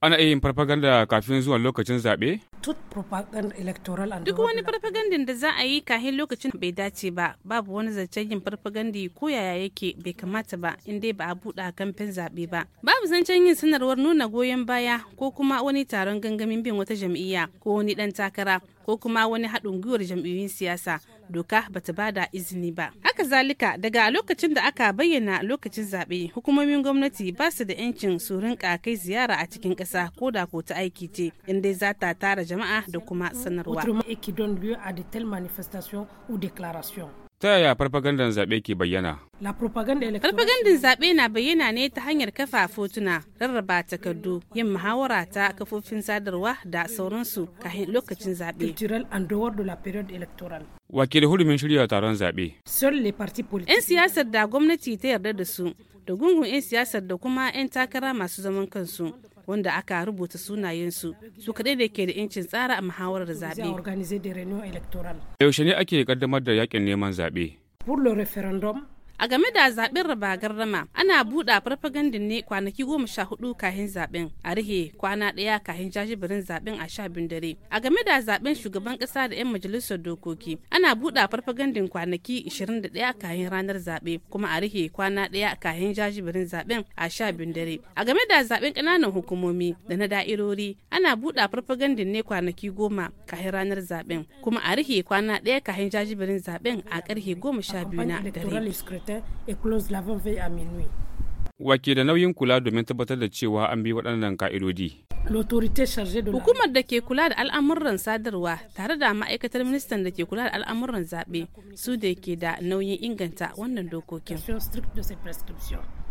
Ana iya yin farfaganda kafin zuwan lokacin zaɓe? Duk wani farfagandin da za a yi kahin lokacin bai dace ba, babu wani zancen yin farfagandi ko yaya yake bai kamata ba in dai ba a buɗe kamfen zaɓe ba. Babu zancen yin sanarwar nuna goyon baya ko kuma wani taron gangamin bin wata jam'iyya ko wani ɗan takara ko kuma wani haɗin gwiwar jam'iyyun siyasa doka ba bata bada izini ba haka zalika daga lokacin da aka bayyana lokacin zaɓe hukumomin gwamnati ba su da yancin su rinka kai ziyara a cikin ƙasa ko da ko ta aiki ce inda za ta tara jama'a da kuma sanarwa Ta yaya farfagandan zaɓe ke bayyana? Farfagandan zaɓe na bayyana ne ta hanyar kafa fotuna, rarraba takardu, yin muhawara ta kafofin sadarwa da sauransu kafin lokacin zaɓe. Wakil hurumin shirya taron zaɓe. 'Yan siyasar da gwamnati ta yarda da su, da gungun 'yan siyasar da kuma 'yan takara masu zaman kansu wanda aka rubuta sunayensu su kaɗai da ke da incin tsara a muhawarar zaɓe. Yaushe ne ake kaddamar da yaƙin neman zaɓe? A game da zaɓen raba gardama ana buɗa farfagandin ne kwanaki goma sha hudu kahin zaɓen a rihe kwana ɗaya kahin jajibirin zaɓen a sha biyun dare. A game da zaɓen shugaban ƙasa da 'yan majalisar dokoki ana buɗa farfagandin kwanaki 21 kahin ranar zaɓe kuma a rihe kwana ɗaya kahin jajibirin zaɓen a sha biyun dare. A game da zaɓen ƙananan hukumomi da na da'irori ana buɗa farfagandin ne kwanaki goma kahin ranar zaɓen kuma a rihe kwana ɗaya kahin jajibirin zaɓen a ƙarfe goma sha biyu na dare. matin et la à minuit. Wake da nauyin kula domin tabbatar da cewa an bi waɗannan ka'idodi. Hukumar da ke kula da al'amuran sadarwa tare da ma'aikatar ministan da ke kula da al'amuran zaɓe su da ke da nauyin inganta wannan dokokin.